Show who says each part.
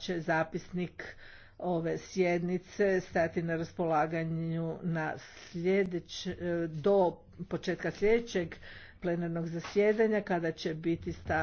Speaker 1: će zapisnik ove sjednice stati na raspolaganju na sljedeć, e, do početka sljedećeg plenarnog zasjedanja
Speaker 2: kada će biti sta,